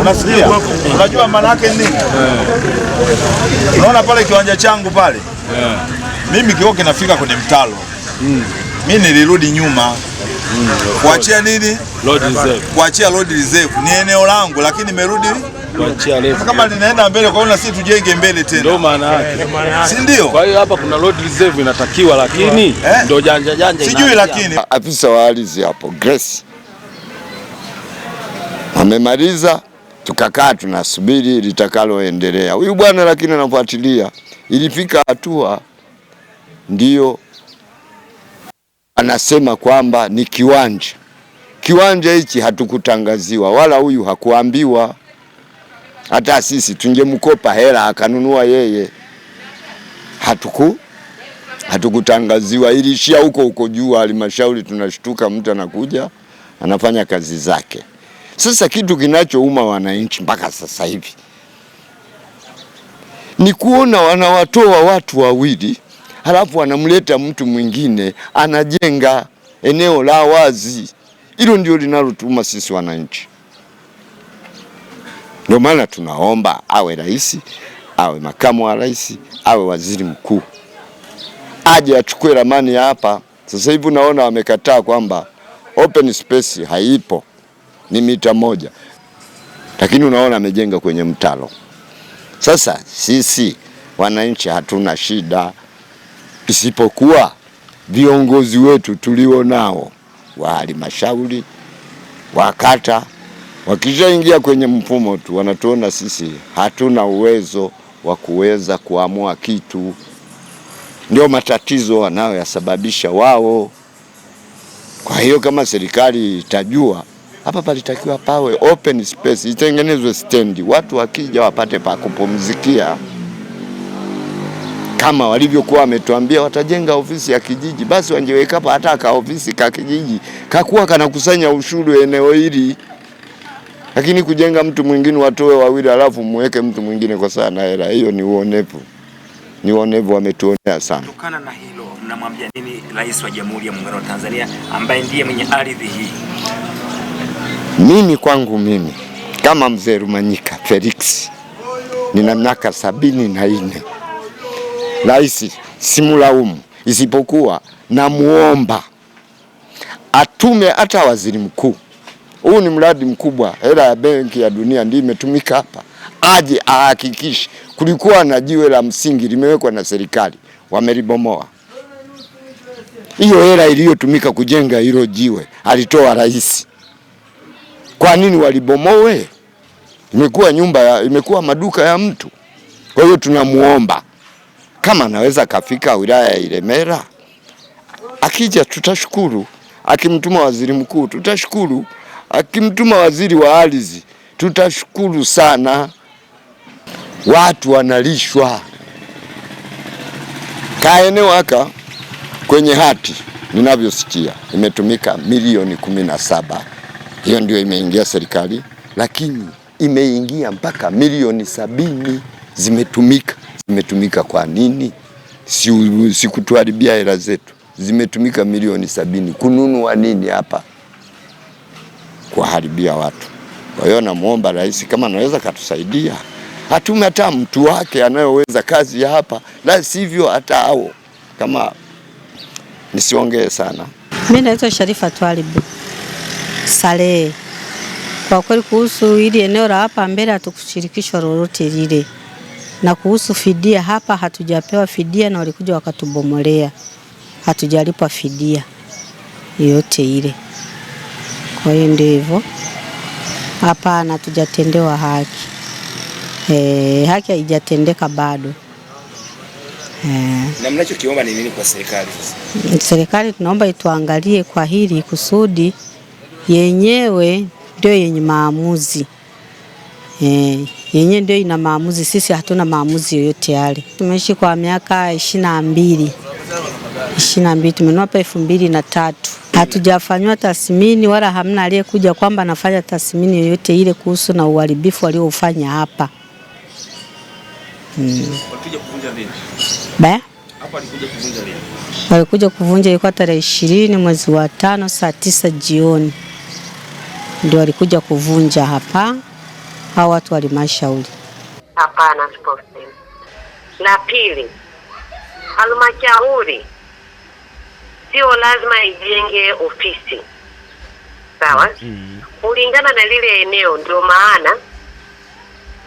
Unasikia? Unajua maana yake ni nini? Unaona pale kiwanja changu pale, mimi kioo kinafika kwenye mtalo, mimi mm. nilirudi nyuma mm, kuachia nini, kuachia load reserve. Ni eneo langu, lakini nimerudi kama ninaenda mbele, kwa hiyo sisi tujenge mbele tena. Ndio eh, maana yake. Si ndio? Kwa hiyo hapa kuna load reserve inatakiwa, lakini eh? ndio janja janja. Sijui lakini afisa wa ardhi hapo Grace amemaliza, tukakaa tunasubiri litakaloendelea. Huyu bwana lakini anafuatilia, ilifika hatua ndiyo anasema kwamba ni kiwanja kiwanja hichi hatukutangaziwa wala huyu hakuambiwa. Hata sisi tungemkopa hela akanunua yeye, hatuku hatukutangaziwa, ilishia huko huko juu halmashauri. Tunashtuka mtu anakuja anafanya kazi zake. Sasa kitu kinachouma wananchi mpaka sasa hivi ni kuona wanawatoa watu wawili halafu wanamleta mtu mwingine anajenga eneo la wazi. Hilo ndio linalotuma sisi wananchi. Ndio maana tunaomba awe rais, awe makamu wa rais, awe waziri mkuu, aje achukue ramani hapa. Sasa hivi unaona wamekataa kwamba open space haipo ni mita moja, lakini unaona amejenga kwenye mtalo. Sasa sisi wananchi hatuna shida, isipokuwa viongozi wetu tulio nao wa halmashauri wa kata wakishaingia kwenye mfumo tu wanatuona sisi hatuna uwezo wa kuweza kuamua kitu, ndio matatizo wanayoyasababisha wao. Kwa hiyo kama serikali itajua hapa palitakiwa pawe open space, itengenezwe stendi, watu wakija wapate pa kupumzikia kama walivyokuwa wametuambia watajenga ofisi ya kijiji, basi wangeweka hapa hata ka ofisi ka kijiji kakuwa kanakusanya ushuru eneo hili. Lakini kujenga mtu mwingine watoe wawili, alafu muweke mtu mwingine kwa sana hela hiyo, ni uonevu, ni uonevu, wametuonea sana. Kutokana na hilo, mnamwambia nini Rais wa Jamhuri ya Muungano wa Tanzania ambaye ndiye mwenye ardhi hii? Mimi kwangu mimi kama mzee Rumanyika Felix nina miaka sabini na nne. Rais simlaumu, isipokuwa namuomba atume hata waziri mkuu. Huu ni mradi mkubwa, hela ya Benki ya Dunia ndio imetumika hapa, aje ahakikishe. Kulikuwa na jiwe la msingi limewekwa na serikali, wamelibomoa. Hiyo hela iliyotumika kujenga hilo jiwe alitoa rais kwa nini walibomowe Imekuwa nyumba ya, imekuwa maduka ya mtu. Kwa hiyo tunamuomba kama anaweza kafika wilaya ya Ilemela, akija tutashukuru, akimtuma waziri mkuu tutashukuru, akimtuma waziri wa ardhi tutashukuru sana. Watu wanalishwa kaeneo haka kwenye hati ninavyosikia imetumika milioni kumi na saba hiyo ndio imeingia serikali, lakini imeingia mpaka milioni sabini zimetumika. Zimetumika kwa nini? Sikutuharibia si hela zetu, zimetumika milioni sabini kununua nini hapa, kuwaharibia watu. Kwa hiyo namwomba rais kama anaweza katusaidia, hatume hata mtu wake anayoweza kazi ya hapa, la sivyo hata hao kama. Nisiongee sana, mimi naitwa Sharifa Twalibu. Salehe. Kwa kweli kuhusu ili eneo la hapa mbele hatukushirikishwa lolote lile, na kuhusu fidia hapa hatujapewa fidia, na walikuja wakatubomolea, hatujalipwa fidia yote ile. Kwa hiyo ndio hivyo, hapana, hatujatendewa haki e, haki haijatendeka bado. Eh. Na mnachokiomba ni nini kwa serikali sasa? Serikali tunaomba ituangalie kwa hili kusudi yenyewe ndio yenye maamuzi e, yenyewe ndio ina maamuzi. Sisi hatuna maamuzi yoyote yale. Tumeishi kwa miaka ishirini na mbili ishirini na mbili tumenua hapa elfu mbili na tatu hatujafanywa tathmini wala hamna aliyekuja kwamba anafanya tathmini yoyote ile kuhusu na uharibifu aliofanya hapa hmm. Walikuja kuvunja ilikuwa tarehe ishirini mwezi wa tano saa tisa jioni ndio walikuja kuvunja hapa hao watu walimashauri. Hapana. La pili, halmashauri sio lazima ijenge ofisi sawa, mm-hmm. kulingana mm -hmm. na lile eneo. Ndio maana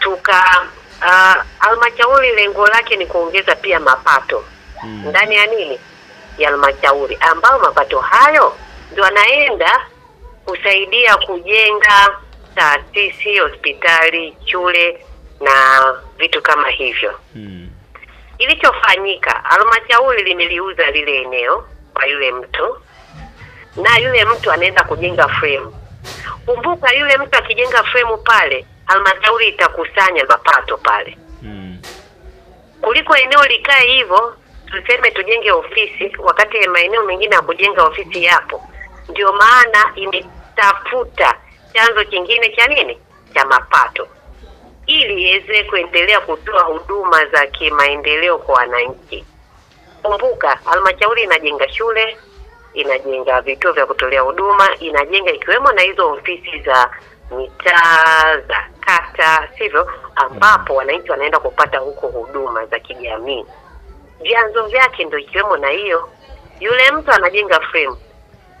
tuka uh, halmashauri uh, lengo lake ni kuongeza pia mapato mm -hmm. ndani ya nini ya halmashauri, ambayo mapato hayo ndio anaenda kusaidia kujenga taasisi, hospitali, shule na vitu kama hivyo hmm. Ilichofanyika, halmashauri limeliuza lile eneo kwa yule mtu, na yule mtu anaenda kujenga fremu. Kumbuka yule mtu akijenga fremu pale, halmashauri itakusanya mapato pale hmm. Kuliko eneo likae hivyo, tuseme tujenge ofisi, wakati maeneo mengine ya kujenga ofisi yapo. Ndio maana ime tafuta chanzo kingine cha nini cha mapato ili iweze kuendelea kutoa huduma za kimaendeleo kwa wananchi. Kumbuka, halmashauri inajenga shule, inajenga vituo vya kutolea huduma, inajenga ikiwemo na hizo ofisi za mitaa za kata, sivyo, ambapo wananchi wanaenda kupata huko huduma za kijamii. Vyanzo vyake ndio ikiwemo na hiyo. Yule mtu anajenga frame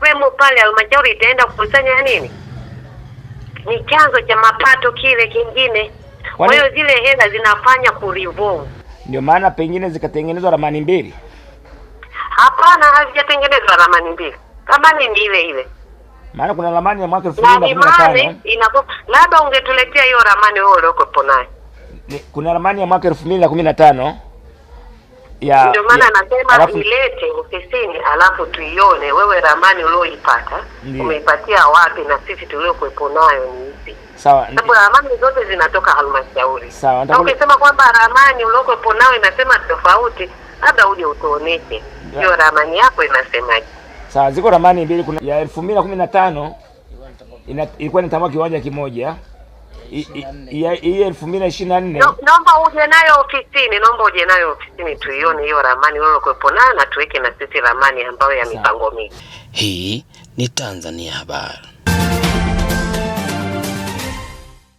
iliyokuwemo pale halmashauri itaenda kukusanya nini? Ni chanzo cha mapato kile kingine. Kwa hiyo zile hela zinafanya kurivolve, ndio maana pengine zikatengenezwa ramani mbili. Hapana, hazijatengenezwa ramani mbili, ramani ni ile ile maana kuna ramani ya mwaka elfu mbili na kumi na tano labda ungetuletea hiyo ramani wewe uliokopo nayo. Kuna ramani ya mwaka elfu mbili na kumi na tano ya ndio maana anasema alafu... ilete ofisini alafu tuione wewe ramani ulioipata umeipatia wapi na sisi tuliokuwepo nayo ni ipi sawa sababu ramani zote zinatoka halmashauri sawa na ukisema kwamba ramani uliokuwepo nayo inasema tofauti labda uje utuoneshe hiyo ramani yako inasemaje sawa ziko ramani mbili kuna ya elfu mbili na kumi na tano ilikuwa inatamua kiwanja kimoja hii elfu mbili na ishirini na nne naomba uje nayo ofisini, naomba uje nayo ofisini tuione hiyo ramani, wewe nayo na tuweke na sisi ramani ambayo ya mipango mingi. Hii ni Tanzania Habari.